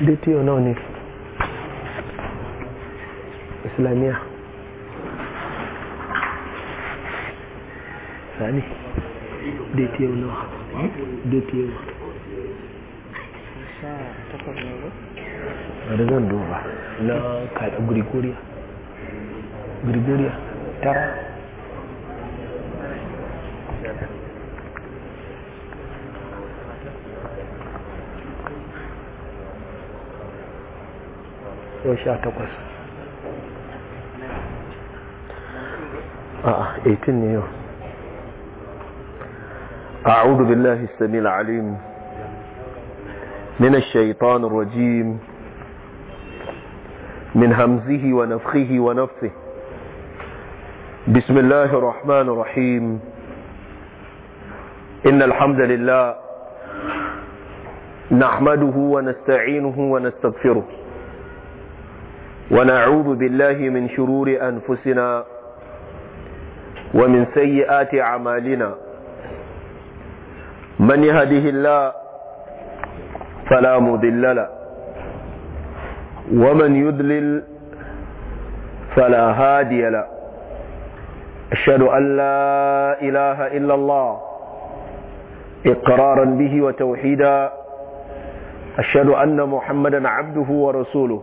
dit yow noonu islamia sani dit yow noo dit yow Regarde où va. Là, Gregoria. Gregoria, Tara. takwas a'a آه، آه، إيه، أعوذ بالله السميع العليم من الشيطان الرجيم من همزه ونفخه ونفثه بسم الله الرحمن الرحيم إن الحمد لله نحمده ونستعينه ونستغفره ونعوذ بالله من شرور أنفسنا ومن سيئات أعمالنا من يهده الله فلا مضل له ومن يضلل فلا هادي له أشهد أن لا إله إلا الله إقرارا به وتوحيدا أشهد أن محمدا عبده ورسوله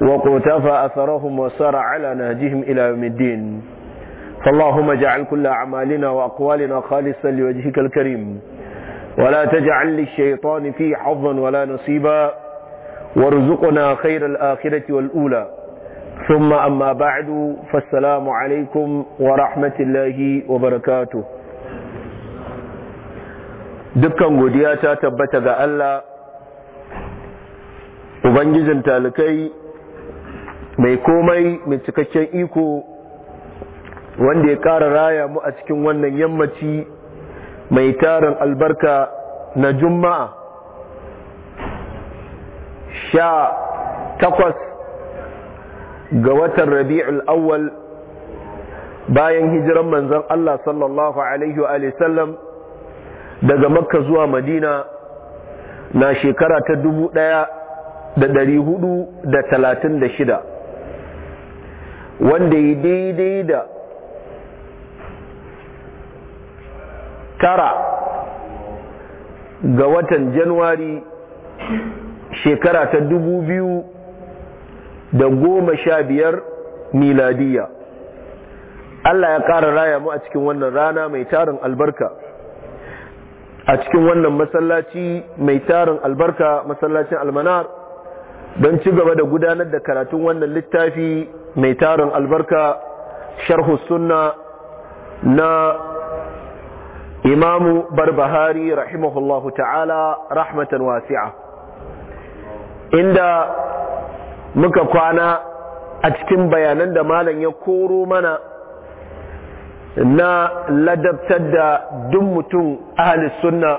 وقتفى أثرهم وسار على نهجهم إلى يوم الدين فاللهم اجعل كل أعمالنا وأقوالنا خالصا لوجهك الكريم ولا تجعل للشيطان فيه حظا ولا نصيبا وارزقنا خير الآخرة والأولى ثم أما بعد فالسلام عليكم ورحمة الله وبركاته dukkan godiya ta tabbata ga Allah Ubangijin talikai mai komai mai cikakken iko wanda ya ƙara raya mu a cikin wannan yammaci mai tarin albarka na juma'a sha takwas ga watan rabi'ul awwal bayan hijiran manzan Allah sallallahu alaihi wa sallam daga makka zuwa madina na shekara ta dubu ɗaya da da ɗari hudu talatin shida. wanda ya daidai da tara ga watan januwari shekara ta dubu biyu da goma sha biyar miladiya Allah ya ƙara raya mu a cikin wannan rana mai tarin albarka a cikin wannan masallaci mai tarin albarka masallacin almanar don ci gaba da gudanar da karatun wannan littafi mai tarin albarka sharhu sunna na imamu barbahari rahimahullahu ta'ala rahmatan wasi'a inda muka kwana a cikin bayanan da malam ya koro mana na ladabtar da duk mutum ahli sunna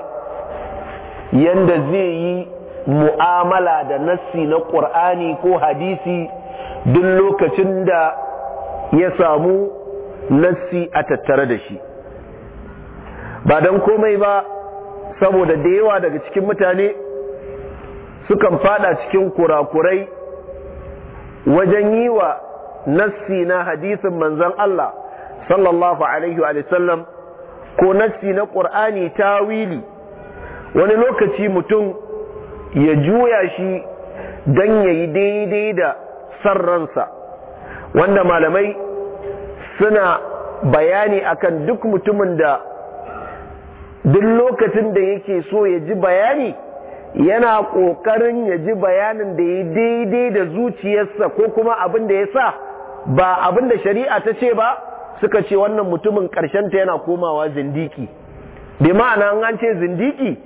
yanda zai yi mu'amala da nassi na ƙur'ani ko hadisi duk lokacin da ya samu nassi a tattare da shi ba don komai ba saboda da yawa daga cikin mutane sukan fada cikin kurakurai wajen yi wa nassi na hadisin manzan Allah sallallahu alaihi wa ko nassi na ƙur'ani wili, wani lokaci mutum ya juya shi don ya yi daidai da san wanda malamai suna bayani akan duk mutumin da duk lokacin da yake so ya ji bayani yana ƙoƙarin ya ji bayanin da ya daidai da zuciyarsa ko kuma abin da ya sa ba abin da shari'a ta ce ba suka ce wannan mutumin ta yana komawa zindiki bi ma'ana an ce zindiki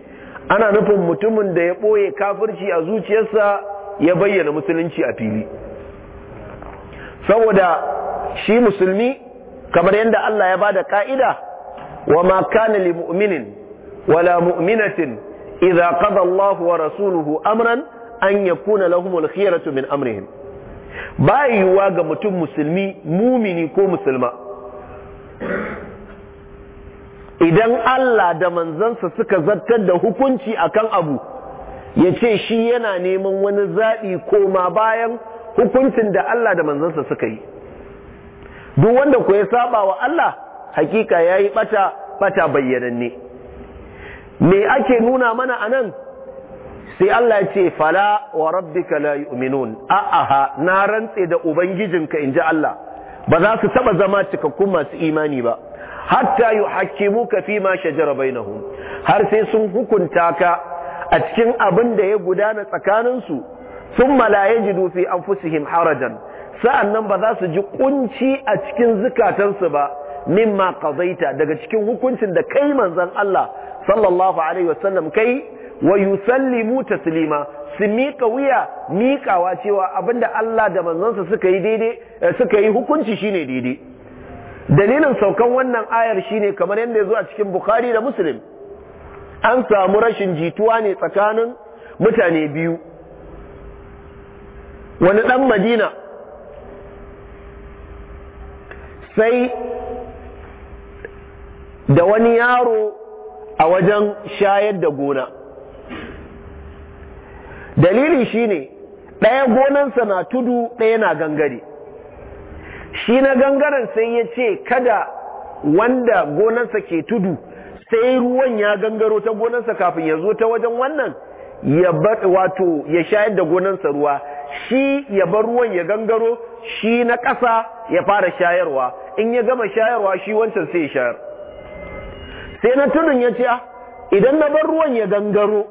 ana nufin mutumin da ya ɓoye kafirci a zuciyarsa ya bayyana musulunci a fili saboda shi musulmi kamar yadda Allah ya bada ka'ida wa ma kana li mu'minin wala mu'minatin idza qada Allahu wa rasuluhu amran an yakuna lahumul khiyaratu min amrihim ba yiwuwa ga mutum musulmi mumini ko musulma idan Allah da manzansa suka zartar da hukunci akan abu ya ce shi yana neman wani zaɓi koma bayan hukuncin da Allah da manzansa suka yi duk wanda ku ya saba wa Allah hakika yayi bata bata bayyananne me ake nuna mana anan sai Allah ya ce fala wa rabbika la yu'minun a'a na rantse da ubangijinka inji Allah ba za su taba zama cikakkun masu imani ba hatta yuhakkimuka fi ma shajara bainahum har sai sun hukunta ka a cikin abin da ya gudana tsakaninsu thumma ji dufi fi anfusihim harajan sa'annan ba za su ji kunci a cikin zukatansu ba mimma qadaita daga cikin hukuncin da kai manzon Allah sallallahu alaihi wasallam kai wa yusallimu taslima su miƙa wuya miƙawa cewa abinda Allah da manzansa suka yi daidai eh, suka yi hukunci shine daidai dalilin saukan wannan ayar shine kamar yadda ya zo a cikin Bukhari da Muslim an samu rashin jituwa ne tsakanin mutane biyu wani ɗan madina sai da wani yaro a wajen shayar da gona dalili shi ne ɗaya gonansa na tudu ɗaya na gangare shi na gangaren sai ya ce kada wanda gonansa ke tudu sai ruwan ya gangaro ta gonansa kafin ya zo ta wajen wannan ya wato ya shayar da gonansa ruwa shi ya bar ruwan ya gangaro shi na ƙasa ya fara shayarwa in ya gama shayarwa shi wancan sai ya shayar sai na tunin ya ce ah, idan na bar ruwan ya gangaro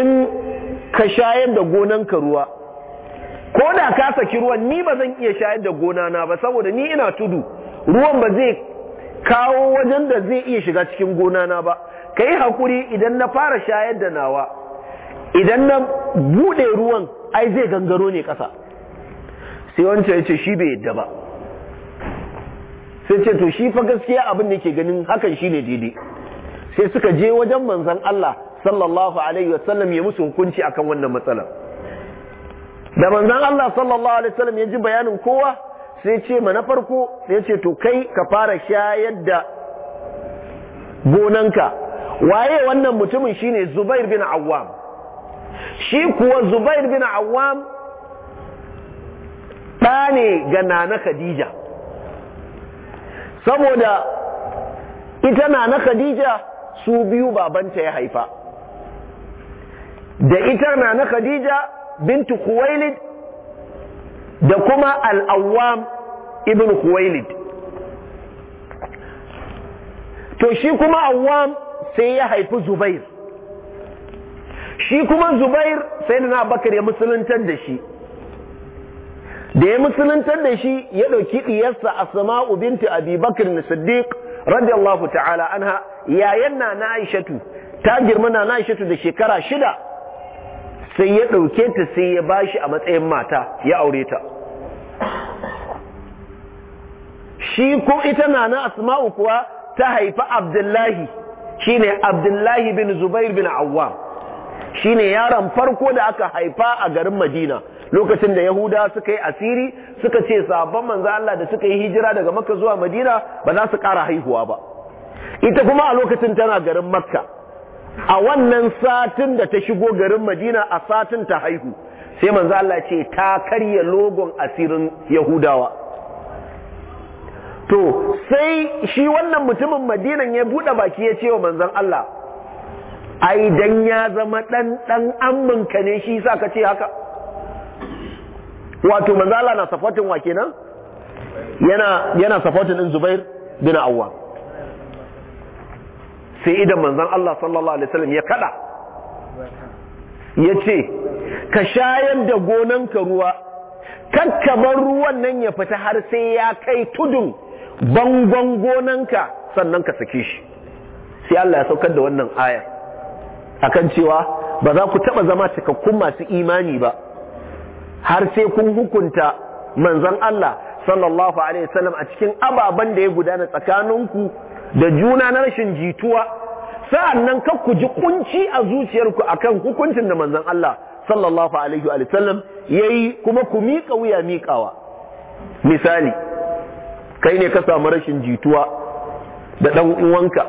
in ka shayar da gonanka ruwa ko da ka saki ruwan ni ba zan iya shayar da gonana ba saboda ni ina tudu ruwan ba zai kawo wajen da zai iya shiga cikin gonana ba ka yi haƙuri idan na fara shayar da nawa idan na buɗe ruwan ai zai gangaro ne kasa sai wancan ya ce shi bai yadda ba sai ce to shi fa gaskiya abin da ke ganin hakan shi ne daidai sai suka je wajen manzan Allah sallallahu alaihi wasallam ya musu hukunci akan wannan matsalar da manzan Allah sallallahu alaihi wasallam ya ji bayanin kowa sai ce ma na farko sai ce to kai ka fara shayar da gonanka waye wannan mutumin shine Zubair bin Awwam shi kuwa zubair bin awam ɗa ne ga nana khadija saboda ita nana khadija su biyu babanta ya haifa da ita nana khadija bintu kuwailid da kuma al'awam ibn kuwailid to shi kuma awam sai ya haifi zubair shi kuma zubair sai da na bakar ya musuluntar da shi da ya musuluntar da shi ya ɗauki ɗiyarsa a sama ubinta abi bakar na siddiq radiyallahu ta'ala anha yayan na na aishatu ta girma na aishatu da shekara shida sai ya ɗauke ta sai ya bashi a matsayin mata ya aure ta shi ko ita na na asma'u kuwa ta haifi abdullahi shine abdullahi bin zubair bin awwam Shi ne yaron farko da aka haifa a garin Madina lokacin da Yahuda suka yi asiri suka ce sabon manzo Allah da suka yi hijira daga Makka zuwa Madina ba za su kara haihuwa ba ita kuma a lokacin tana garin Makka a wannan satin da ta shigo garin Madina a satin ta haihu sai manzo Allah ce ta karya logon asirin Yahudawa to sai shi wannan mutumin Madinan ya bude baki ya ce wa manzon Allah ai dan ya zama dan dan amminka ne shi sa ka ce haka wato manzala na supporting wa kenan yana yana supporting din Zubair bin Awwam sai idan manzon Allah sallallahu alaihi wasallam ya kada yace ka shayar da gonanka ruwa kakkabar ruwan nan ya fita har sai ya kai tudun bangon gonanka sannan ka saki shi sai Allah ya saukar da wannan ayar akan cewa ba za ku taɓa zama cikakkun masu imani ba har sai kun hukunta manzon Allah sallallahu alaihi wasallam a cikin ababan da ya gudana tsakaninku da juna na rashin jituwa sa'annan kar ku ji kunci a zuciyarku akan hukuncin da manzon Allah sallallahu alaihi wasallam yayi kuma ku miƙa wuya miƙawa misali kai ne ka samu rashin jituwa da dan uwanka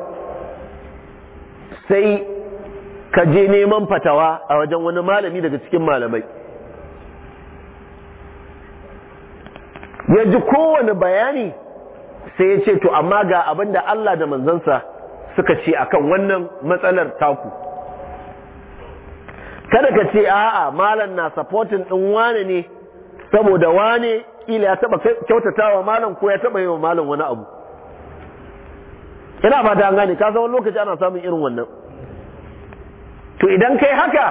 sai ka je neman fatawa a wajen wani malami daga cikin malamai ya ji kowane bayani sai ya ce to amma ga abin da Allah da manzansa suka ce akan wannan matsalar taku kada ka ce a'a malam na supporting din wane ne saboda wane ila ya taba kyautatawa malam ko ya taba yi wa malam wani abu ina fata an gane ka san lokaci ana samun irin wannan to idan kai haka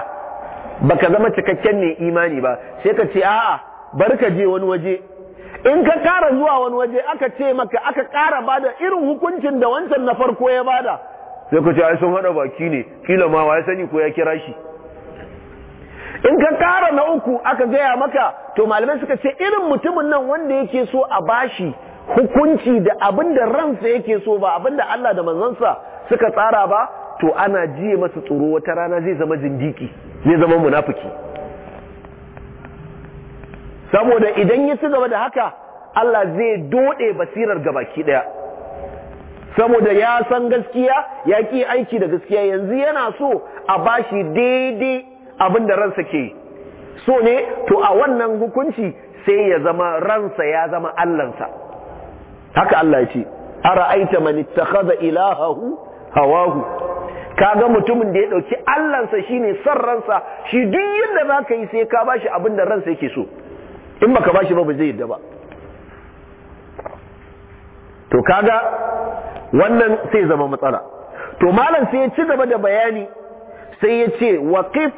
baka zama cikakken ne imani ba sai ka ce a'a bari ka je wani waje in ka kara zuwa wani waje aka ce maka aka kara bada irin hukuncin da wancan na farko ya bada sai ka ce ai sun hada baki ne kila ma ya sani ko ya kira shi in ka kara na uku aka gaya maka to malamai suka ce irin mutumin nan wanda yake so a bashi hukunci da abinda ransa yake so ba abinda Allah da manzansa suka tsara ba to ana jiye masa tsoro wata rana zai zama jindiki zai zama munafuki. saboda idan ya ci gaba da haka Allah zai dode basirar gabaki daya saboda ya san gaskiya ya ki aiki da gaskiya yanzu yana so a bashi daidai abin da ransa ke so ne to a wannan hukunci sai ya zama ransa ya zama allansa haka Allah ya ce ara'aita aita manittakhadha ilahahu hawahu kaga mutumin da ya dauki allansa shine san ransa shi duk yadda zaka yi sai ka bashi abin da ransa yake so in baka bashi ba ba zai yadda ba to kaga wannan sai zama matsala to malam sai ya ci gaba da bayani sai ya ce waqif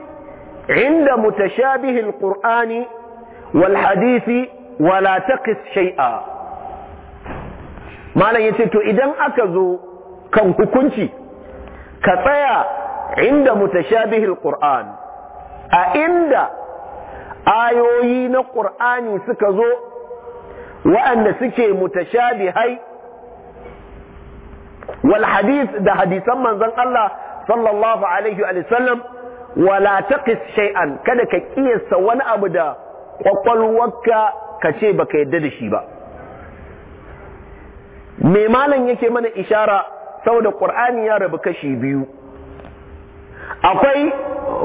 inda mutashabihi alqur'ani wal hadisi wala taqis shay'a malam ya ce to idan aka zo kan hukunci ka tsaya inda mutashabihil qur'an a inda ayoyi na qur'ani suka zo wa'anda suke mutashabihai wal hadith da hadisan manzon Allah sallallahu alaihi wa sallam wala taqis shay'an kada ka kiyasta wani abu da kwakwalwarka ka ce baka yadda da shi ba me malam yake mana ishara saboda qur'ani ya rabu kashi biyu akwai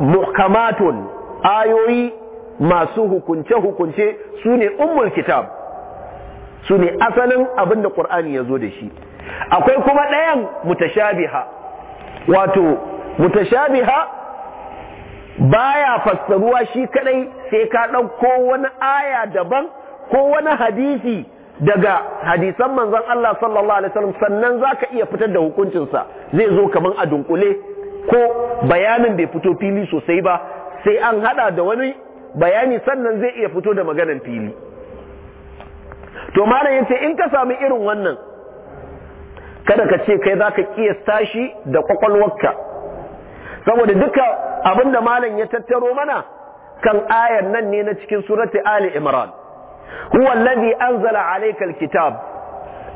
muhkamatun ayoyi masu hukunce hukunce sune ummul kitab sune asalin abin da qur'ani ya zo da shi akwai kuma ɗayan mutashabiha wato mutashabiha baya fassaruwa shi kadai sai ka ɗauko wani aya daban ko wani hadisi daga hadisan manzon Allah sallallahu alaihi wasallam sannan zaka iya fitar da hukuncinsa zai zo kaman a dunkule ko bayanin bai fito fili sosai ba sai an hada da wani bayani sannan zai iya fito da maganan fili to malam yace in ka sami irin wannan kada ka ce kai za zaka kiyasta shi da kwakwalwarka saboda duka abinda malam ya tattaro mana kan ayar nan ne na cikin surati ali imran huwa anzala alayka alkitab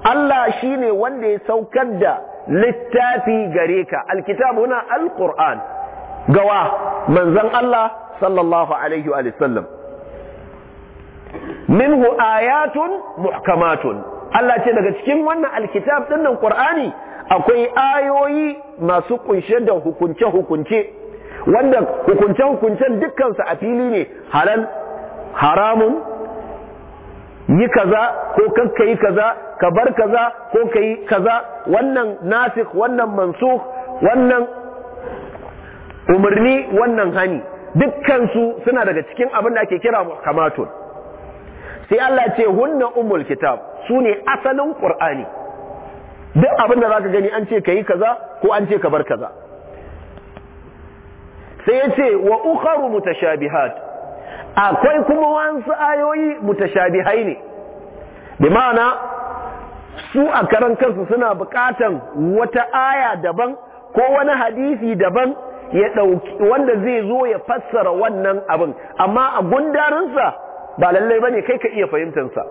Allah shine wanda ya saukar da littafi gareka. ka alkitab huna alquran gawa manzon Allah sallallahu alaihi wa sallam minhu ayatun muhkamatun Allah ce daga cikin wannan alkitab din kur'ani akwai ayoyi masu kunshe da hukunce-hukunce wanda hukunce-hukuncen dukkansu a fili ne halal haramun yi kaza ko kanka yi kaza ka bar kaza ko ka yi kaza wannan nasik wannan mansuk wannan umarni wannan hani dukkansu suna daga cikin abin da ake kira muhkamatun sai Allah ce hunna ummul kitab su ne asalin qur'ani duk abin da zaka gani an ce kayi kaza ko an ce ka bar kaza sai yace wa ukharu mutashabihat akwai kuma wasu ayoyi mutashabihai ne bi ma'ana su a karan kansu suna bukatan wata aya daban ko wani hadisi daban ya dauki wanda zai zo ya fassara wannan abin amma a gundarinsa ba lallai bane kai ka iya fahimtansa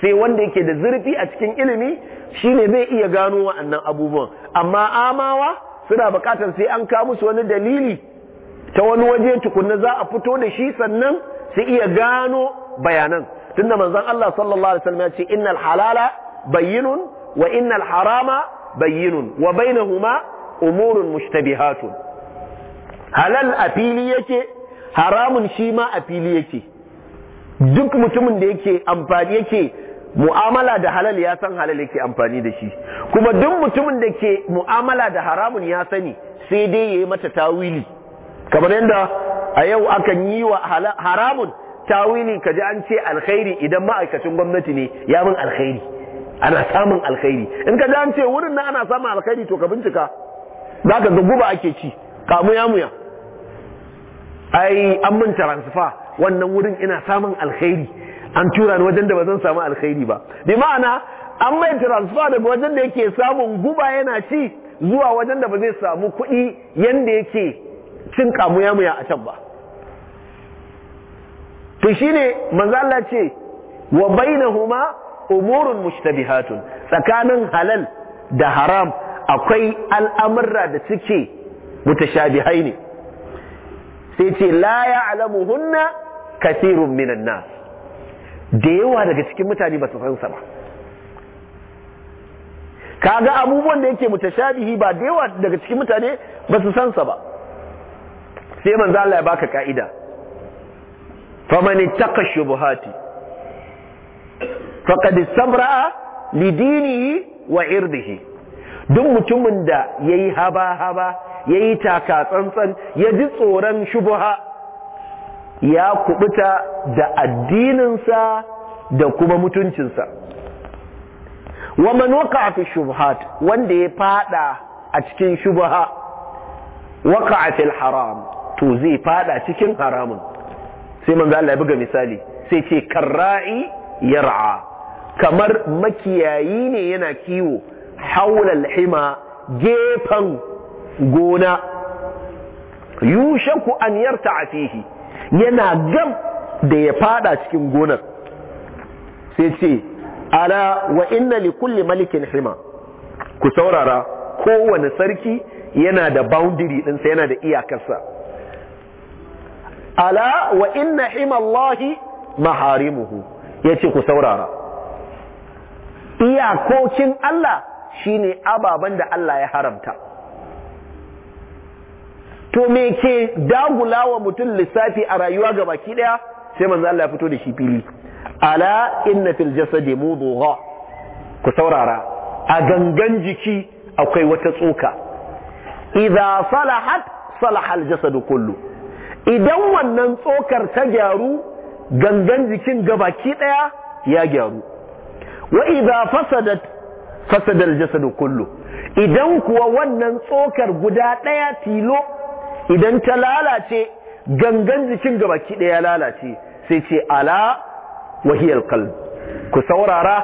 sai wanda yake da zurfi a cikin ilimi shine zai iya gano wa'annan abubuwan amma amawa suna bukatan sai an kawo musu wani dalili ta wani waje tukunna za a fito da shi sannan su iya gano bayanan tunda manzon Allah sallallahu alaihi wasallam ya ce innal halala bayyinun wa innal harama bayyinun wa bainahuma umurun mushtabihatun halal a fili yake haramun shi ma a fili yake duk mutumin da yake amfani yake mu'amala da halal ya san halal yake amfani da shi kuma duk mutumin da ke mu'amala da haramun ya sani sai dai ya yi mata tawili kamar yadda a yau akan yi wa haramun tawili kaji an ce alkhairi idan ma'aikacin gwamnati ne ya bin alkhairi ana samun alkhairi in ka an ce wurin na ana samun alkhairi to ka bincika za ka guba ake ci kamu ya muya ai an min taransifa wannan wurin ina samun alkhairi an tura ni wajen da ba zan samu alkhairi ba bi ma'ana an mai taransifa da wajen da yake samun guba yana ci zuwa wajen da ba zai samu kuɗi yanda yake cin kamu ya muya a can ba to shi ne Manzala ce wa umurin umurun mushtabihatun tsakanin halal da haram akwai al'amurra da suke mutashabihai ne sai ce la ya alamu hunna kasirun minan na. da yawa daga cikin mutane ba su san sa ba kaga abubuwan da yake mutashabihi ba da yawa daga cikin mutane ba su sansa ba sai Manzala ya baka ka'ida faman ittaqa shubuhati faqad istamra'a li dinihi wa irdihi duk mutumin da yayi haba haba yayi taka tsantsan ya ji tsoron shubuha ya kubuta da addininsa da kuma mutuncinsa wa man waqa'a fi shubuhat wanda ya faɗa a cikin shubuha waqa'a fil haram to zai fada cikin haramun sai manzo Allah ya buga misali sai ce karra'i yar'a kamar makiyayi ne yana kiwo haula al-hima gefan gona yushaku an yarta'a fihi yana gam da ya fada cikin gonar sai ce ala wa inna li kulli malikin hima ku saurara kowane sarki yana da boundary ɗinsa yana da iyakarsa ala wa inna himallahi maharimuhu yace ku saurara iyakokin Allah shine ababen da Allah ya haramta to me ke dagula wa mutum lissafi a rayuwa ga baki daya sai manzo Allah ya fito da shi fili ala inna fil jasadi mudugha ku saurara a gangan jiki akwai wata tsoka idza salahat salaha al jasadu kullu idan wannan tsokar ta gyaru gangan jikin gabaki daya ya gyaru wa idza fasadat fasada al-jasad kullu idan kuwa wannan tsokar guda daya tilo idan ta lalace gangan jikin gabaki daya lalace sai ce ala wahiyal qalb ku saurara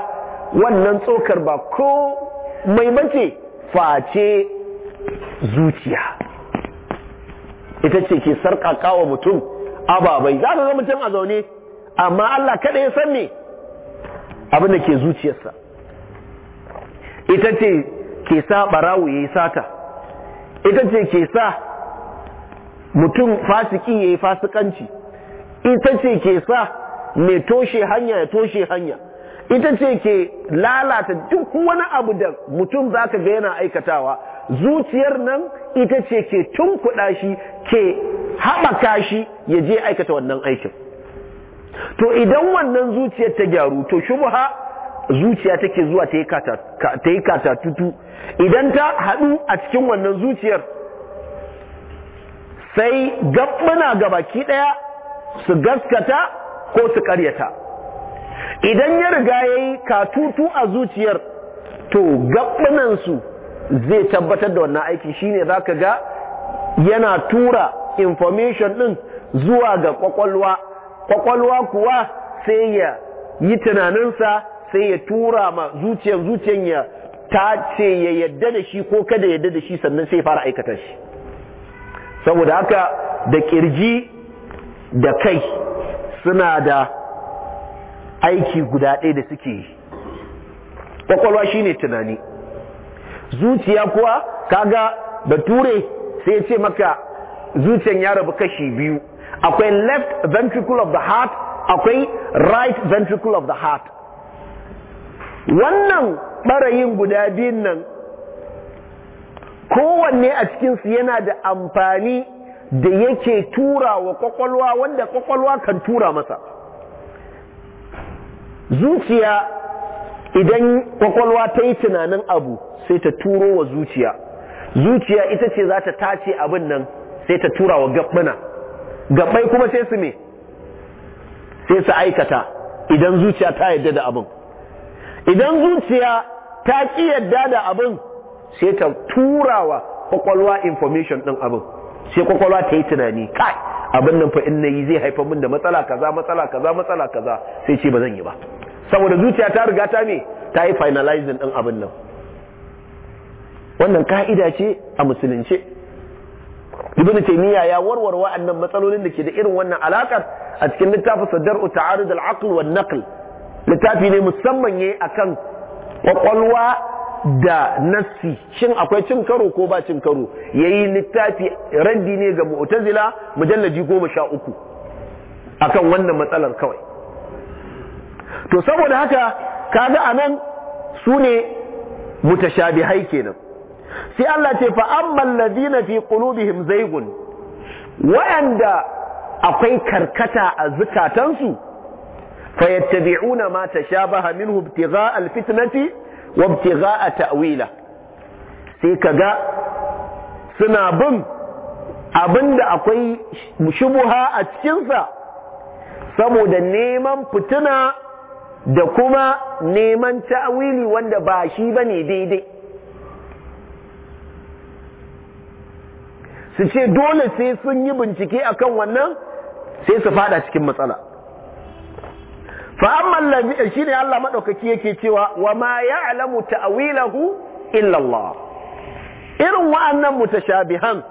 wannan tsokar ba ko mai mace face zuciya ita ce ke sarƙaƙa wa mutum ababai za ka ga mutum a zaune amma Allah kada ya san me abin da ke zuciyarsa ita ce ke sa barawu ya yi sata ita ce ke sa mutum fasiki ya yi fasikanci ita ce ke sa mai toshe hanya ya toshe hanya ita ce ke lalata duk wani abu da mutum za ka ga yana aikatawa zuciyar nan ita ce ke tunkuɗa shi ke haɓaka shi ya je aikata wannan aikin to idan wannan zuciyar ta gyaru to shubha zuciya take zuwa ta yi katatutu idan ta haɗu a cikin wannan zuciyar sai gabbana ga baki ɗaya su gaskata ko su ƙaryata idan ya riga ya yi katutu a zuciyar to gabbanansu zai tabbatar da wannan aiki shine zaka ga yana tura information din zuwa ga kwakwalwa kwakwalwa kuwa sai ya yi tunaninsa sai ya tura ma zuciyar zuciyar ya ta ce ya yadda da shi ko kada yadda da shi sannan sai fara aikata shi saboda haka da kirji da kai suna da aiki guda ɗaya da suke yi kwakwalwa shine tunani zuciya kuwa kaga da ture sai ce maka zuciyan ya rabu kashi biyu akwai left ventricle of the heart akwai right ventricle of the heart wannan ɓarayin guda biyun nan kowanne a cikinsu yana da amfani da yake tura wa kwakwalwa wanda kwakwalwa kan tura masa zuciya idan kwakwalwa ta yi tunanin abu sai ta turo wa zuciya zuciya ita ce za ta tace abin nan sai ta tura wa gabbana gabbai kuma sai su ne sai su aikata idan zuciya ta yadda da abin idan zuciya ta ki yadda da abin sai ta tura wa kwakwalwa information ɗin abin sai kwakwalwa ta yi tunani kai abin nan fa in nayi zai haifar min da matsala kaza matsala kaza matsala kaza sai ce ba zan yi ba saboda zuciya ta riga ta me ta yi finalizing din abin nan wannan ka'ida ce a musulunce ibn taymiya ya warware wa'annan matsalolin da ke da irin wannan alakar a cikin littafin sadar ta'arud al-aql wa naql littafi ne musamman yayi akan kwakwalwa da nassi shin akwai cin karo ko ba cin karo yayi littafi randi ne ga mu'tazila mujallaji 13 akan wannan matsalar kawai to saboda haka kaga anan su ne mutashabihai kenan sai Allah ce fa amman ladina fi qulubihim zaygun wa'anda akwai karkata a zukatansu fayattabi'una ma tashabaha minhu ibtigha'a alfitnati wa a ta'wila sai kaga suna bin abinda akwai shubuha a cikinsa saboda neman fitina da kuma neman ta'awili wanda ba shi ba ne daidai su ce dole sai sun yi bincike akan wannan sai su fada cikin matsala fa'amman lafiya shi ne Allah maɗaukaki yake cewa wa ma ya alamu ta'awilahu illallah irin wa'annan mutashabihan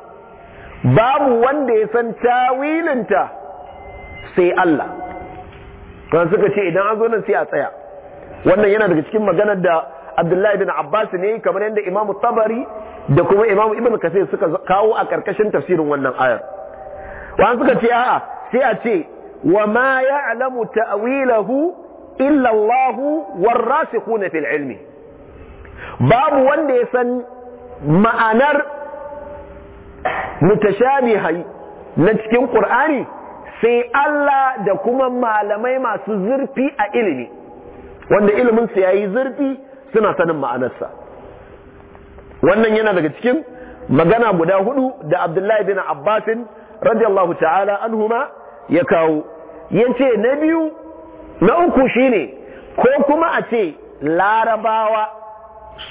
babu wanda ya san ta'awilinta sai Allah don suka ce idan an zo nan sai a tsaya wannan yana daga cikin maganar da abdullahi bin abbas ne kamar yadda imam tabari da kuma imam ibn kasir suka kawo a karkashin tafsirin wannan ayar wani suka ce a'a sai a ce wa ma ya'lamu ta'wilahu illa Allah warasikhuna fil ilmi babu wanda ya san ma'anar mutashabihai na cikin qur'ani sai Allah da kuma malamai masu zurfi a ilimi wanda iliminsu ya yi zurfi suna sanin ma'anarsa wannan yana daga cikin magana guda hudu da abdullahi bin abbasin radiyallahu ta'ala anhuma ya kawo yace na biyu na uku shine ko kuma a ce larabawa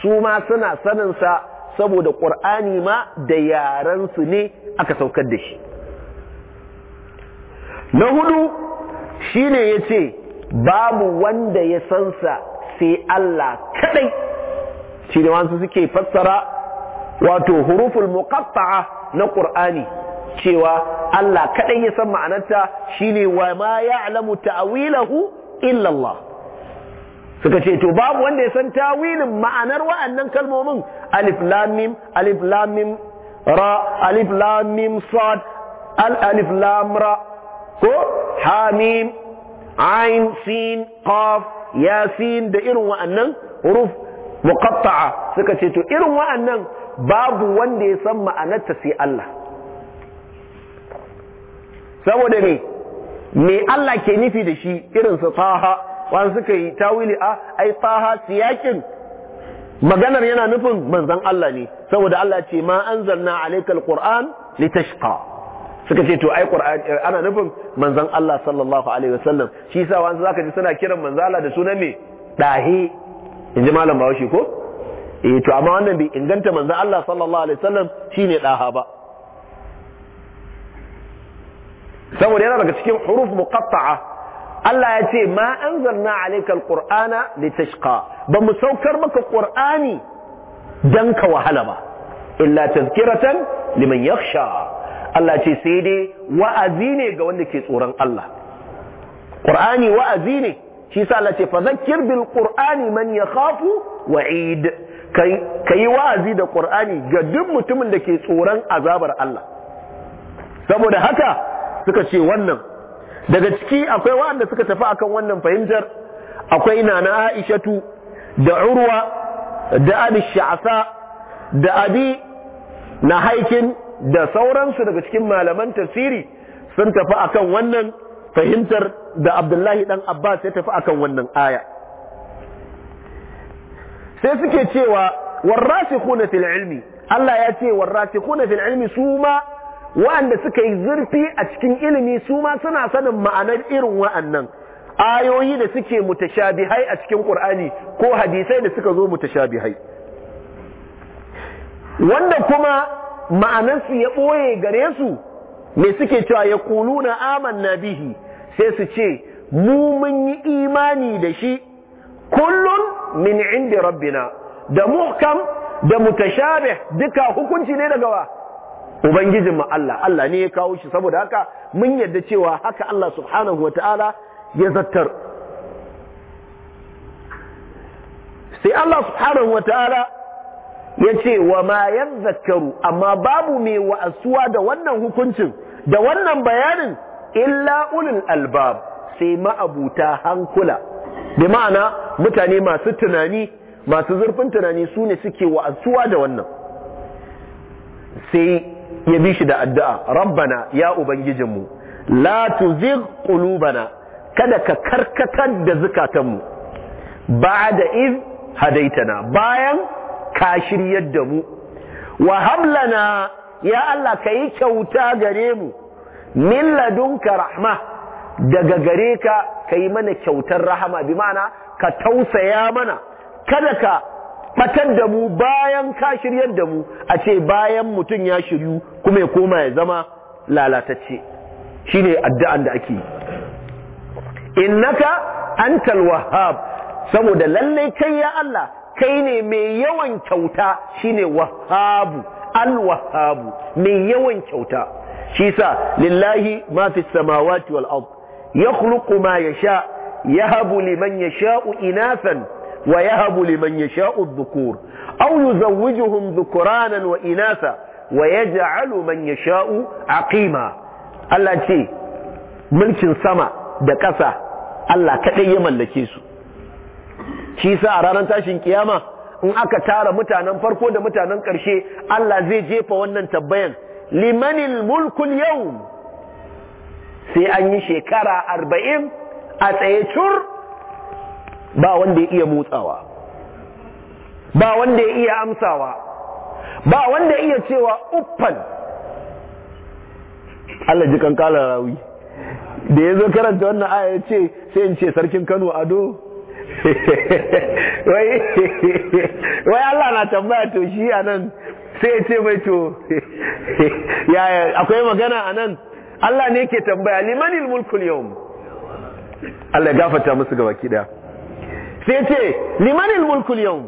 su ma suna saninsa saboda ƙur'ani ma da yarensu ne aka saukar da shi na hudu shine yace babu wanda ya sansa sai Allah kadai shine wasu suke fassara wato huruful muqatta'a na Qur'ani cewa Allah kadai ya san ma'anarta shine wa ma ya'lamu ta'wilahu illa Allah suka ce to babu wanda ya san tawilin ma'anar wa'annan kalmomin alif lam mim alif lam mim ra alif lam mim sad al alif lam ra ko hamim ain sin qaf yasin da irin wa'annan huruf muqatta'a suka ce to irin wa'annan babu wanda ya san ma'anar ta sai Allah saboda ne me Allah ke nufi da shi irin su taha wa suka yi tawili a ai taha siyakin maganar yana nufin manzan Allah ne saboda Allah ce ma anzalna alaikal qur'an litashqa suka ce to ai qur'ani eh, ana nufin manzon Allah sallallahu alaihi wasallam shi yasa wanda zaka ji suna kiran manzon Allah da sunan me dahi inji malam Bahaushe ko eh to amma wannan bai inganta manzon Allah sallallahu alaihi wasallam shine daha ba saboda yana daga cikin huruf muqatta'a Allah ya ce ma anzalna alayka alqur'ana litashqa ba mu saukar maka qur'ani dan ka wahala ba illa tazkiratan liman yakhsha Allah ce sai dai wa'azi ne ga wanda ke tsoron Allah ƙur'ani wa'azi ne shi sa Allah ce fa zakkir bil Qur'ani man yakhafu wa'id yi wa'azi da Ƙur'ani ga duk mutumin da ke tsoron azabar Allah saboda haka suka ce wannan daga ciki akwai wa'anda suka tafi akan wannan fahimtar akwai nana Aishatu da Urwa da Abi sha'asa da Abi na haikin da sauransu daga cikin malaman tasiri sun tafi akan wannan fahimtar da Abdullahi dan Abbas ya tafi akan wannan aya sai suke cewa warasikhuna fil ilmi Allah ya ce warasikhuna fil ilmi su ma wanda suka yi zurfi a cikin ilimi su ma suna sanin ma'anar irin wa'annan ayoyi da suke mutashabihai a cikin Qur'ani ko hadisai da suka zo mutashabihai wanda kuma ma'anansu ya ɓoye gare su me suke cewa ya kulu kuluna na bihi sai su ce mu mun yi imani da shi kullun min indi rabbina da muhkam da mu mutashabih duka hukunci ne daga wa ubangijin mu Allah Allah ne ya kawo shi saboda haka mun yarda cewa haka Allah subhanahu wataala ya zattar sai Allah subhanahu wataala ya ce wa ma zakaru amma babu mai wa'asuwa da wannan hukuncin da wannan bayanin illa ulul albab sai ma'abuta hankula bi ma'ana mutane masu tunani masu zurfin tunani su ne suke wa'asuwa da wannan sai ya bi shi da addu'a rabbana ya ubangijinmu la tuzigh qulubana kada ka karkatar da zukatanmu ba da iz hadaitana bayan ka shiryar da mu wa hablana ya Allah ka yi kyauta gare mu min ladunka rahma daga gare ka ka yi mana kyautar rahama bi ma'ana ka tausaya mana kada ka batar da mu bayan ka shiryar da mu a ce bayan mutum ya shiryu kuma ya koma ya zama lalatacce shine addu'an da ake innaka antal wahhab saboda lallai kai ya Allah kai ne mai yawan kyauta shine wahhabu alwahhabu mai yawan kyauta shi sa lillahi ma fi samawati wal ard yakhluqu ma yasha yahabu liman yasha inathan wa yahabu liman yasha'u dhukur aw yuzawwijuhum dhukuranan wa inatha wa yaj'alu man yasha aqima Allah ce mulkin sama da ƙasa Allah kadai ya mallake su shi sa a ranar tashin kiyama in aka tara mutanen farko da mutanen ƙarshe Allah zai jefa wannan tabbayan limanil mulkul yau sai an yi shekara arba'in a tsaye cur ba wanda ya iya motsawa ba wanda ya iya amsawa ba wanda ya iya cewa uffan Allah ji kankala rawi da ya zo karanta wannan aya ya ce sai in ce sarkin Kano ado wai Allah na tambaya to shi a nan sai ce mai to yaya akwai magana a nan Allah ne ke tambaya limanil mulkul yau Allah gafata musu gaba kida sai ya ce limanil mulkul yau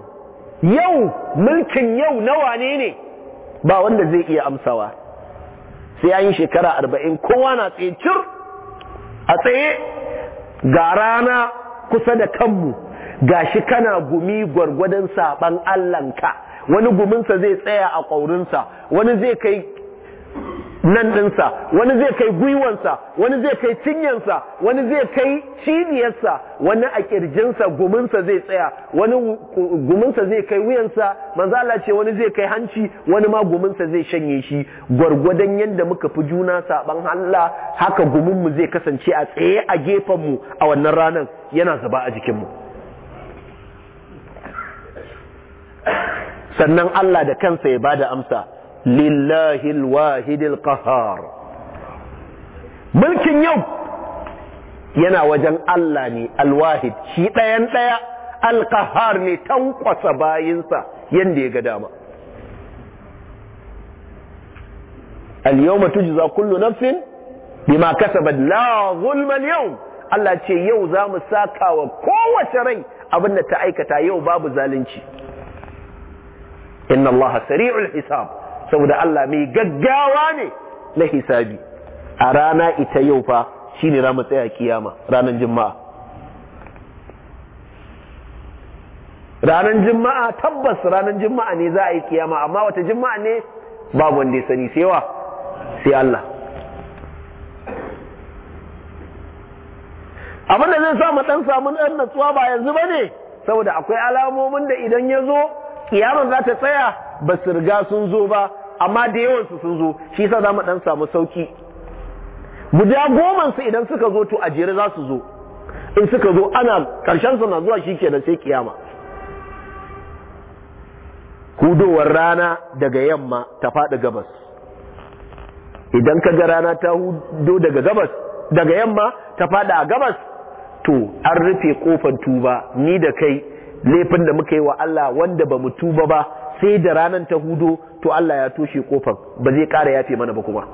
yau mulkin yau na wane ne ba wanda zai iya amsawa sai ya yi shekara arba'in kowa na tsaye cir a tsaye ga rana kusa da kanmu gashi kana gumi gwargwadon saban Allahnka wani guminsa zai tsaya a ƙaurinsa wani zai kai nan ɗinsa wani zai kai gwiwansa wani zai kai cinyansa wani zai kai ciniyarsa wani a kirjinsa guminsa zai tsaya wani guminsa zai kai wuyansa Allah ce wani zai kai hanci wani ma guminsa zai shanye shi gwargwadon yadda muka fi juna saban Allah haka guminmu zai kasance a tsaye a gefenmu a wannan ranar yana zuba a jikinmu sannan Allah da kansa ya ba da amsa لله الواحد القهار ملك يوم ينا وجن الله ني الواحد شي دayan daya القهار ني تنقص باينسا يندي يغدا اليوم تجزى كل نفس بما كسبت لا ظلم اليوم الله يجي يوم زامو ساكاوا كوواش راي abinda ta aikata yau babu zalunci inna allaha sari'ul saboda Allah mai gaggawa ne na hisabi a rana ita yau fa shine za mu tsaya kiyama ranar juma'a ranar juma'a tabbas ranar juma'a ne za a yi kiyama amma wata juma'a ne babu wanda ya sani sai sai Allah abin da zai samu ɗan dan samu ɗan natsuwa ba yanzu bane saboda akwai alamomin da idan ya zo kiyama za ta tsaya ba su riga sun zo ba amma da yawan su sun zo shi yasa zamu dan samu sauki guda goma su idan suka zo to a jere za su zo in suka zo ana karshen su na zuwa shikenan sai kiyama hudowar rana daga yamma ta faɗi gabas idan ka ga rana ta hudo daga gabas daga yamma ta faɗi a gabas to an rufe kofar tuba ni da kai laifin da muka yi wa Allah wanda ba mu tuba ba sai da ranan ta hudo to Allah ya toshe kofar ba zai ƙara yafe mana ba kuma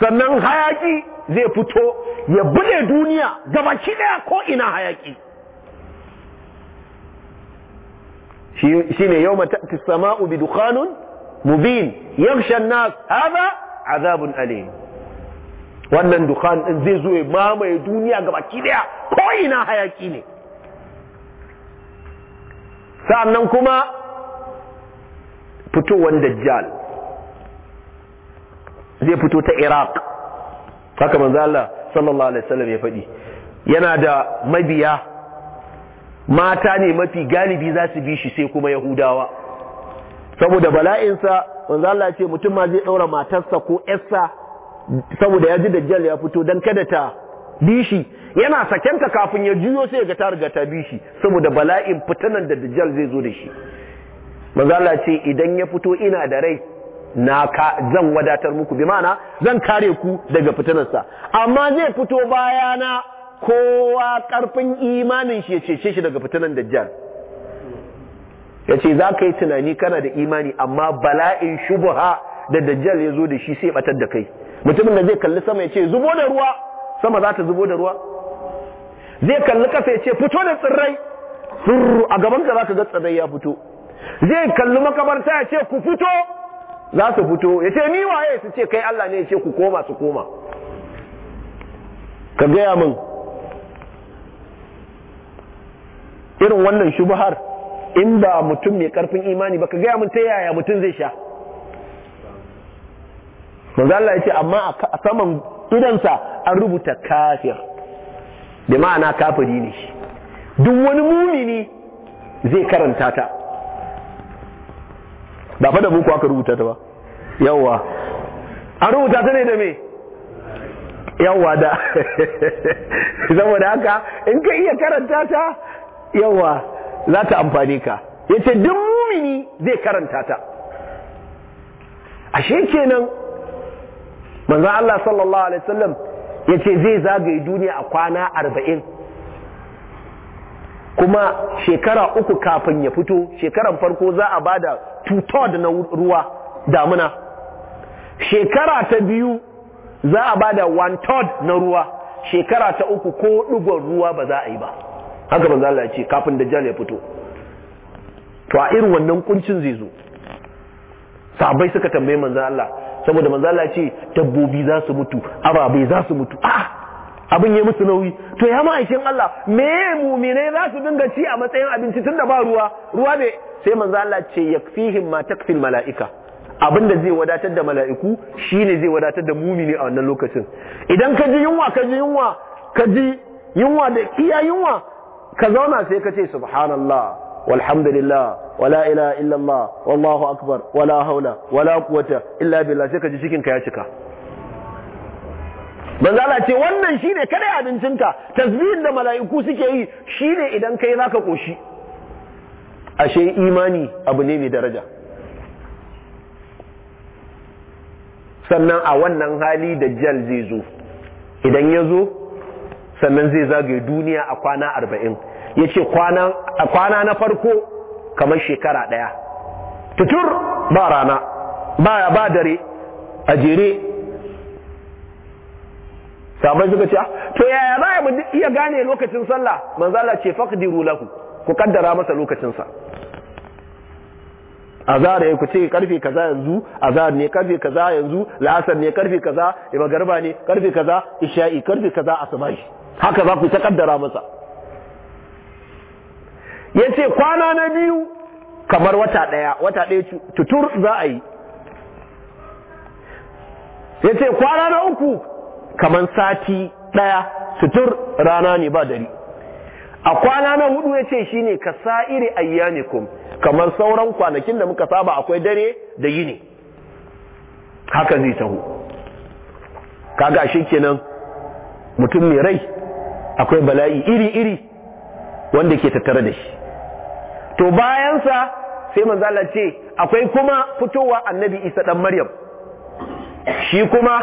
sannan hayaki zai fito ya bude duniya gabaki daya ko ina hayaki shi ne yau matatti sama'u bi dukhanun mubin yakshan nas haza azabun alim wannan dukhan din zai zo ya mamaye duniya gabaki daya ko ina hayaki ne sa'annan kuma fitowar dajjal zai fito ta iraq haka manzo sallallahu alaihi wasallam ya faɗi yana da mabiya mata ne mafi galibi za su bi shi sai kuma yahudawa saboda bala'insa manzo ce mutum ma zai daura matarsa ko yarsa saboda ya ji dajjal ya fito dan kada ta bishi yana sakenta kafin ya juyo sai ga ta riga ta bishi saboda bala'in fitanan da dajjal zai zo da shi manzo ce idan ya fito ina da rai na ka zan wadatar muku bi ma'ana zan kare ku daga fitanarsa amma zai fito baya na kowa karfin imanin shi ya cece shi daga fitanan dajjal ya ce za ka yi tunani kana da imani amma bala'in shubuha da dajjal ya zo da shi sai batar da kai mutumin da zai kalli sama ya ce zubo da ruwa sama za ta zubo da ruwa zai kalli kasa ya ce fito da tsirrai surru a gaban ka ga tsirrai ya fito zai kalli makabarta ya ce ku fito za su fito ya ce ni waye su ce kai Allah ne ya ce ku koma su koma ka gaya min irin wannan shubahar in ba mutum mai karfin imani ba ka gaya min ta yaya mutum zai sha manzo Allah ya ce amma a saman idansa an rubuta kafir da ma'ana kafiri ne shi duk wani mumini zai karanta ta ba fa da buku aka rubuta ta ba yawwa an rubuta ta ne da me yawwa da saboda haka in ka iya karanta ta yawwa za ta amfani ka yace duk mumini zai karanta ta ashe kenan manzan Allah sallallahu alaihi wasallam ya ce zai zagaye duniya a kwana arba'in kuma shekara uku kafin ya fito shekaran farko za a ba da tutod na ruwa damuna shekara ta biyu za a ba da one third na ruwa shekara ta uku ko ɗigon ruwa ba za a yi ba haka manzo Allah ya ce kafin dajjal ya fito to a irin wannan kuncin zai zo sabai suka tambaye manzo Allah saboda manzo ce dabbobi za su mutu ababai za su mutu a ah, abin ya musu nauyi to ya ma'aikin Allah me mu'minai za su dinga ci a matsayin abinci tunda ba ruwa ruwa ne sai manzo Allah ce yakfihim ma takfil mala'ika abin da zai wadatar da mala'iku shine zai wadatar da mumini a wannan lokacin idan ka ji yunwa ka ji yunwa ka ji yunwa da iya yunwa ka zauna sai ka ce subhanallah والحمد لله ولا اله الا الله والله اكبر ولا حول ولا قوه الا بالله sai ka ji cikin ka ya cika manzala ce wannan shine kada abincinka tasbihin da mala'iku suke yi shine idan kai zaka koshi ashe imani abu ne mai daraja sannan a wannan hali da jal zai zo idan ya zo sannan zai zagaye duniya a kwana arba'in ya ce kwana na farko kamar shekara ɗaya tutur ba rana ba ba dare a jere sabon suka ce ah, to yaya za mu iya gane lokacin sallah manzala ce faqdiru lahu ku kaddara masa lokacinsa zara ya ku ce karfe kaza yanzu a zara ne karfe kaza yanzu la'asar ne karfe kaza garba ne karfe kaza isha'i karfe kaza asubahi haka za ku ta kaddara masa ya ce kwana na biyu kamar wata ɗaya wata ɗaya tutur za a yi ya ce kwana na uku kamar sati ɗaya tutur rana ne ba dari a kwana na hudu ya ce shi ne ka sa'iri ayyanikum kamar sauran kwanakin da muka saba akwai dare da yini haka zai taho kaga shi kenan mutum mai rai akwai bala'i iri-iri wanda ke tattara da shi to bayansa sai manzala ce akwai kuma fitowa annabi isa dan maryam shi kuma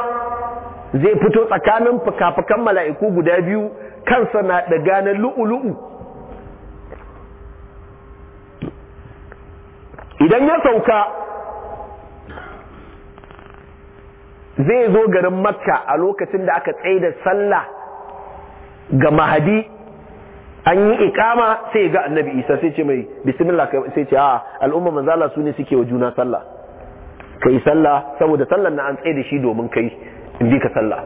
zai fito tsakanin fuka-fukan mala'iku guda biyu kansa na daga na lu'ulu'u idan ya sauka zai zo garin makka a lokacin da aka tsaye da sallah ga mahadi an yi ikama sai ga annabi isa sai ce mai bismillah sai ce a al'umma manzala su ne suke wa juna sallah Ka yi sallah saboda sallah na an tsaye da shi domin kai in bi ka sallah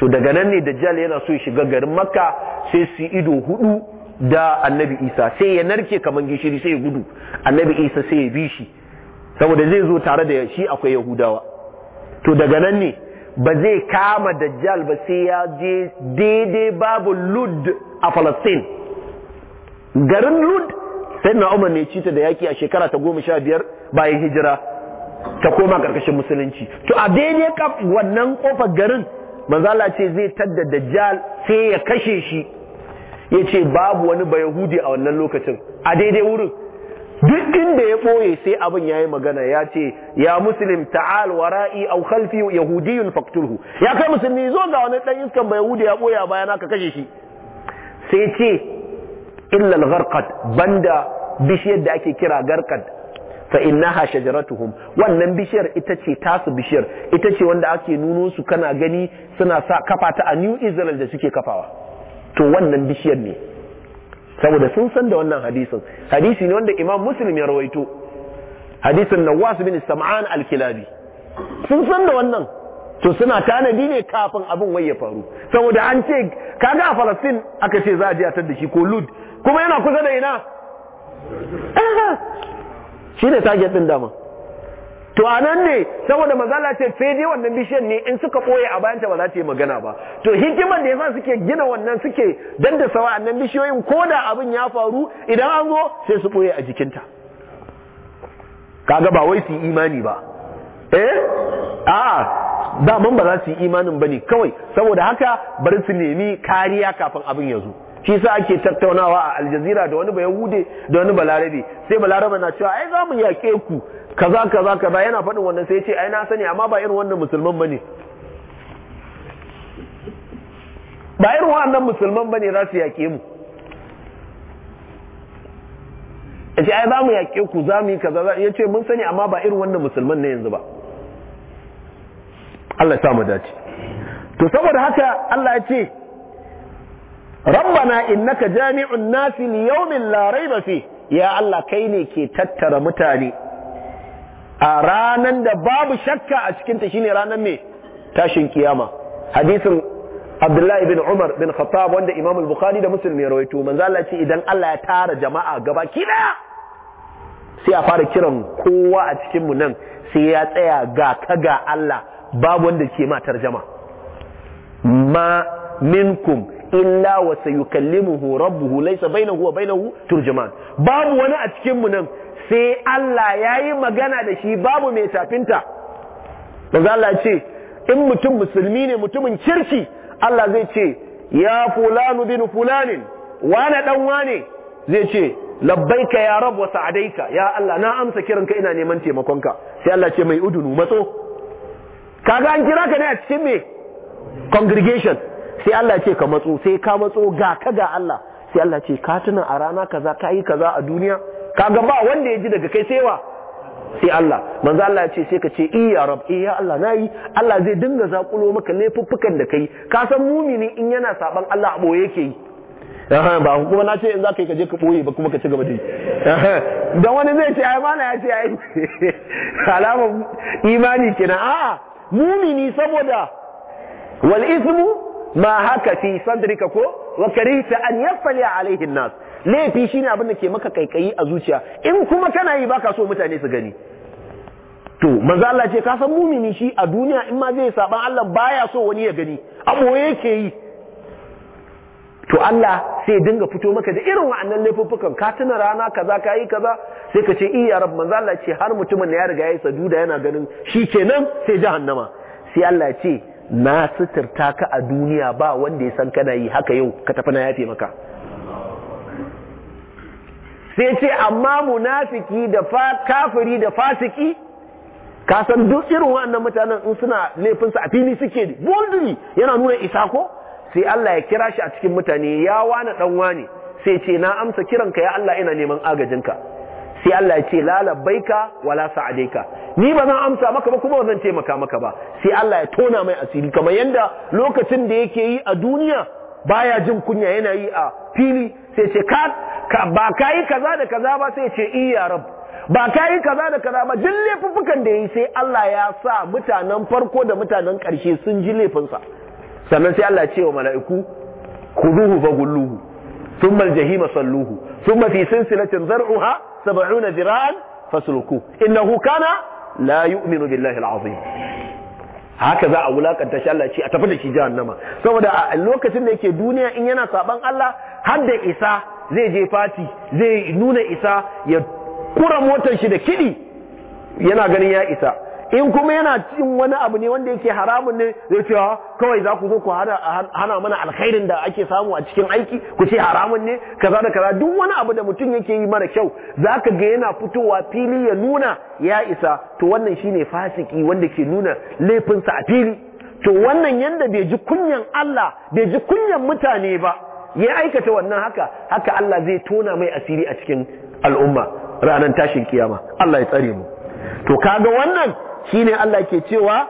to daga nan ne dajjal yana so ya shiga garin makka sai su ido hudu da annabi isa sai ya narke kamar gishiri sai ya gudu annabi isa sai ya bi shi saboda zai zo tare da shi akwai yahudawa to daga nan ne ba zai kama dajjal ba sai ya je daidai babu lud a falastin garin lud sai na umar ne cita da yaki a shekara ta goma sha biyar bayan hijira ta koma ƙarƙashin musulunci to a daidai wannan ƙofar garin manzala ce zai tadda da jal sai ya kashe shi ya ce babu wani ba yahudi a wannan lokacin a daidai wurin duk inda ya ɓoye sai abin ya yi magana ya ce ya musulun ta'al wara'i au khalfi yahudiyun fakturhu ya kai musulmi zo ga wani ɗan iskan ba yahudi ya ɓoye a bayan aka kashe shi sai ce illa al banda bishiyar da ake kira garkat fa innaha shajaratuhum wannan bishiyar ita ce tasu bishiyar ita ce wanda ake nuno su kana gani suna sa kafa ta a New Israel da suke kafawa to wannan bishiyar ne saboda sun san da wannan hadisin hadisi ne wanda Imam Muslim ya rawaito hadisin Nawas bin Sam'an al-Kilabi sun san da wannan to suna tanadi ne kafin abin wai ya faru saboda an ce kaga a Falastin aka ce za a jiyatar a da shi ko Lud kuma yana kusa da ina shi ne target ɗin dama to a nan ne saboda mazala ce sai dai wannan bishiyar ne in suka ɓoye a bayanta ba za ta yi magana ba to hikimar da yasa suke gina wannan suke sawa annan bishiyoyin ko da abin ya faru idan an zo sai su ɓoye a jikinta kaga ba wai su yi imani ba eh a'a mun ba za su yi imanin bane kawai saboda haka bari su nemi kariya kafin abin ya zo shi sa ake tattaunawa a aljazira da wani ba yahude da wani balarabe sai balarabe na cewa ai za mu yaƙe ku kaza kaza kaza yana faɗin wannan sai ya ce ai na sani amma ba irin wannan musulman bane ba irin wannan musulman bane za su yaƙe mu ya ce ai za mu yaƙe ku za mu yi kaza ya ce mun sani amma ba irin wannan musulman na yanzu ba Allah ya sa mu dace to saboda haka Allah ya ce rabbana innaka jami'un nasi li yawmin la rayba fi ya Allah kai ne ke tattara mutane a ranan da babu shakka a cikin ta shine ranan me tashin kiyama hadisin Abdullah ibn Umar bin Khattab wanda Imam al-Bukhari da Muslim ya rawaito manzo Allah ce idan Allah ya tara jama'a gaba kida sai a fara kiran kowa a cikin mu nan sai ya tsaya ga kaga Allah babu wanda ke matar jama. ma minkum illa wa sayukallimuhu rabbuhu laysa bainahu wa bainahu turjuman babu wani a cikin mu nan sai Allah yayi magana da shi babu mai tafinta manzo Allah ya ce in mutum musulmi ne mutumin kirki Allah zai ce ya fulanu bin fulanin wani dan wane zai ce labbaika ya rab wa sa'adaika ya Allah na amsa kiranka ina neman taimakonka sai Allah ce mai udunu matso kaga an kira ka ne a cikin me congregation sai Allah ce ka matso sai ka matso ga ka ga Allah sai Allah ce ka tuna a rana kaza ka yi kaza a duniya kaga ba wanda ya ji daga kai sai wa sai Allah manzo Allah ce sai ka ce iya e, ya rab i e, ya Allah nayi Allah zai dinga zakulo maka laifuffukan da kai ka san mumini in yana saban Allah a boye yake yi ba kuma na ce in za ka yi kaje ka ɓoye ba kuma ka ci gaba da yi dan wani zai ce ai mana ya ce ai alamar imani kenan a mumini saboda wal ismu ma haka fi sadrika ko wa karita an yafali alaihi nas laifi shine abin da ke maka kaikayi a zuciya in kuma kana yi baka so mutane su gani to manzo Allah ce ka san mumini shi a duniya in ma zai saban Allah baya so wani ya gani abu yake yi to Allah sai dinga fito maka da irin wa'annan laifuffukan ka tuna rana kaza ka yi kaza sai ka ce iya rabb manzo Allah ce har mutumin da ya riga ya yi saduda yana ganin shi kenan sai jahannama sai Allah ce na suturta ka a duniya ba wanda ya san kana yi haka yau ka tafi na yafe maka sai ce amma munafiki da kafiri da fasiki ka san duk irin wannan mutanen in suna laifinsa a fili suke boldly yana nuna isa ko sai Allah ya kira shi a cikin mutane ya wani dan wani sai ce na amsa kiranka ya Allah ina neman agajinka sai Allah ya ce la labbaika wala sa'adaika ni ba zan amsa maka ba kuma ba zan taimaka maka ba sai Allah ya tona mai asiri kamar yanda lokacin da yake yi a duniya baya jin kunya yana yi a fili sai ce ka ba kai kaza da kaza ba sai ce i ya rab ba kai kaza da kaza ba duk laifukan da yi sai Allah ya sa mutanen farko da mutanen ƙarshe sun ji laifinsa sannan sai Allah ya ce wa mala'iku kuduhu fa gulluhu ثم الجحيم صلوه ثم في سلسلة زرعها سبعون ذراعا فاسلكوه إنه كان لا يؤمن بالله العظيم haka za a wulakanta shi Allah ce a tafi da shi jahannama saboda a lokacin da yake duniya in yana saɓan Allah har da isa zai je fati zai nuna isa ya kura motar shi da kidi yana ganin ya isa in kuma yana cin wani abu ne wanda yake haramun ne zai ce ah, kawai za ku zo ku hana mana alkhairin da ake samu a cikin aiki ku ce haramun ne kaza da kaza duk wani abu da mutum yake yi mara kyau zaka ga yana fitowa fili ya nuna ya isa to wannan shine fasiki wanda ke nuna laifinsa a fili to wannan yadda bai ji kunyan Allah bai ji kunyan mutane ba ya aikata wannan haka haka Allah zai tona mai asiri a cikin al'umma ranar tashin kiyama Allah ya tsare mu to kaga wannan shi ne Allah ke cewa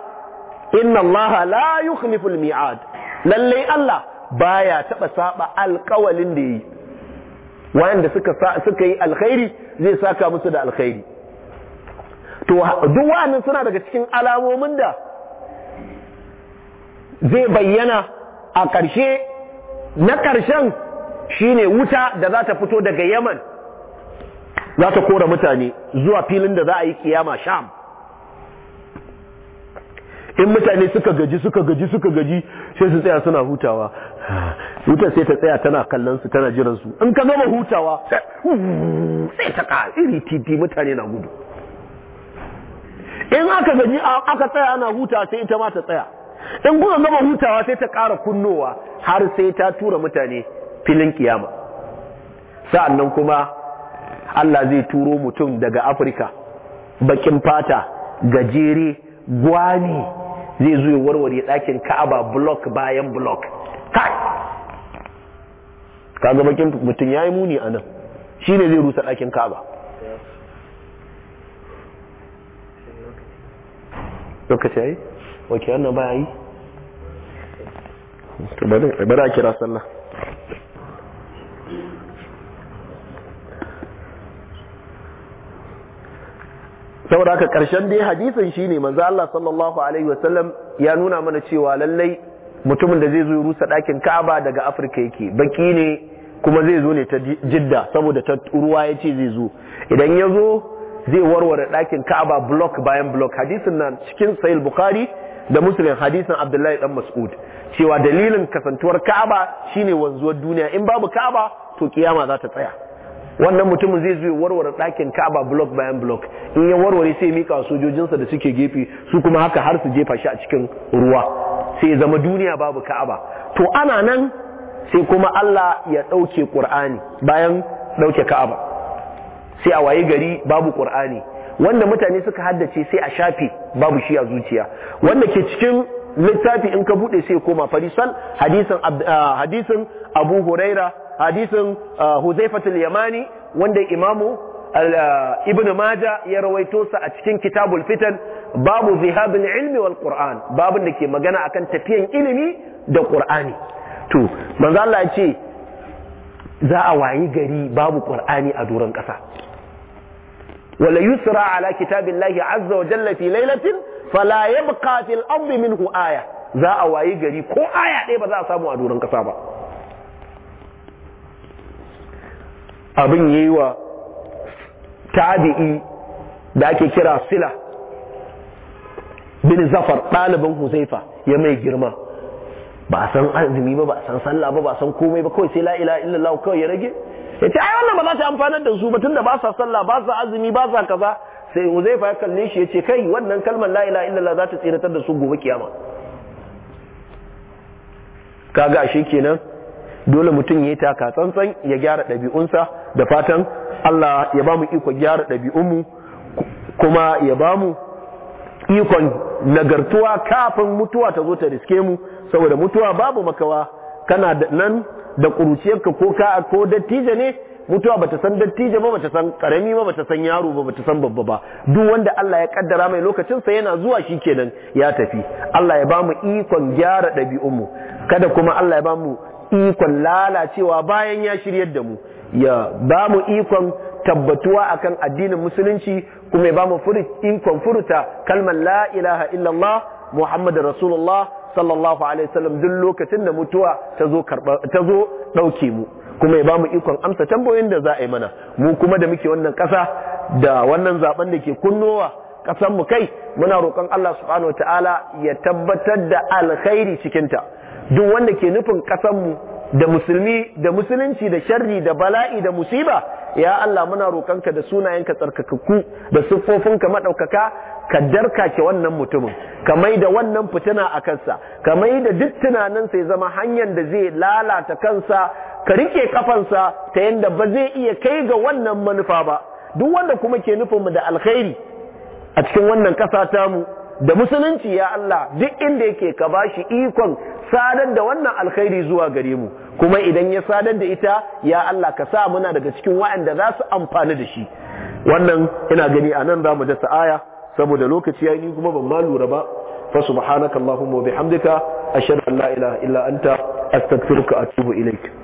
inna Allah la yukhlifu miad lalle Allah baya taba saba alƙawalin da yi wayanda suka yi alkhairi zai saka musu da alkhairi to duk wannan suna daga cikin alamomin da zai bayyana a ƙarshe na ƙarshen shine wuta da za ta fito daga Yaman za ta kora mutane zuwa filin da za a yi kiyama Sham in mutane suka gaji suka gaji suka gaji sai su tsaya suna hutawa hutar sai ta tsaya tana kallon su tana jiran su in ka gama hutawa sai ta ka iri titi mutane na gudu in aka gaji aka tsaya ana hutawa sai ita ma ta tsaya in kuka gama hutawa sai ta ƙara kunnowa har sai ta tura mutane filin kiyama sa'annan kuma Allah zai turo mutum daga Afirka bakin fata gajere gwani zai zo warware ɗakin ka'aba block bayan block kai ga bakin mutum ya yi muni anan nan shi ne zai rusa ɗakin ka'aba lokaci bari a kira sallah saboda haka karshen dai hadisin shi ne manzo Allah sallallahu alaihi wasallam ya nuna mana cewa lallai mutumin da zai zo rusa ɗakin Ka'aba daga Afirka yake baki ne kuma zai zo ne ta Jidda saboda ta ruwa yace zai zo idan ya zo zai warware ɗakin Ka'aba block bayan block hadisin nan cikin Sahih Bukhari da Muslim hadisin Abdullahi dan Mas'ud cewa dalilin kasantuwar Ka'aba shine wanzuwar duniya in babu Ka'aba to kiyama za ta tsaya wannan mutumin zai zo warware ɗakin Ka'aba blok bayan block in ya warware sai mika sojojinsa da suke gefe su kuma haka har su jefa shi a cikin ruwa sai zama duniya babu Ka'aba to ana nan sai kuma Allah ya ɗauke ƙur'ani bayan ɗauke Ka'aba sai a waye gari babu ƙur'ani wanda mutane suka haddace sai a shafi babu shi a zuciya wanda ke cikin littafi in ka bude sai koma farisal ah, hadisin Abu Huraira hadisin uh, huzaifatul yamani wanda imamu uh, ibn maja ya rawaito sa a cikin kitabul fitan babu zihabin ilmi wal qur'an babun da ke magana akan tafiyan ilimi da qur'ani to manzo Allah ya ce za a wayi gari babu qur'ani a doron kasa wala yusra ala kitabillahi azza wa jalla fi laylatin fala yabqa fil ardi minhu aya za a wayi gari ko aya ɗaya ba za a samu a duran kasa ba abin yi wa tabi'i da ake kira sila bin zafar ɗaliban huzaifa ya mai girma ba san azumi ba ba san sallah ba ba san komai ba kawai sai la'ila illallah kawai ya rage ya ce ai wannan ba za ta amfanar da su ba tunda ba sa sallah ba sa azumi ba sa kaza sai huzaifa ya kalle shi ya ce kai wannan kalmar la'ila illallah za ta tsiratar da su gobe kiyama kaga shi kenan dole mutum ya yi taka tsantsan ya gyara ɗabi'unsa da fatan Allah ya ba mu iko gyara ɗabi'unmu kuma ya ba mu ikon nagartuwa kafin mutuwa ta zo ta riske mu saboda mutuwa babu makawa kana da nan da ƙuruciyarka ko ka ko dattija ne mutuwa bata san dattija ba bata san karami ba bata san yaro ba bata san babba ba duk wanda Allah ya kaddara mai lokacin sa yana zuwa shi kenan ya tafi Allah ya bamu ikon gyara ɗabi'unmu kada kuma Allah ya bamu ikon lalacewa bayan ya shiryar da mu ya ba mu ikon tabbatuwa akan addinin musulunci kuma ya ba mu ikon furuta kalmar la ilaha illallah muhammadu rasulullah sallallahu alaihi wasallam duk lokacin da mutuwa ta zo ɗauke dauke mu kuma ya ba mu ikon amsa tambayoyin da za a yi mana mu kuma da muke wannan kasa da wannan zaben da ke kunnowa ƙasar mu kai muna roƙon Allah subhanahu ta'ala ya tabbatar da alkhairi cikinta duk wanda ke nufin ƙasanmu da musulmi da musulunci da sharri da bala'i da musiba ya Allah muna roƙonka da sunayenka tsarkakakku da siffofinka maɗaukaka ka darka ke wannan mutumin ka mai da wannan fitina a kansa ka mai da duk tunaninsa ya zama hanyar da zai lalata kansa ka rike kafansa ta yadda ba zai iya kai ga wannan manufa ba duk wanda kuma ke nufin mu da alkhairi a cikin wannan ƙasa mu da musulunci ya Allah duk inda yake ka bashi ikon sadar da wannan alkhairi zuwa gare mu kuma idan ya sadar da ita ya Allah ka sa muna daga cikin waɗanda za su amfani da shi wannan ina gani a nan za mu dasa aya saboda lokaci ya ni kuma ban ma lura ba fa subhanakallahumma wa bihamdika ashhadu an la ilaha illa anta astaghfiruka wa atubu ilaik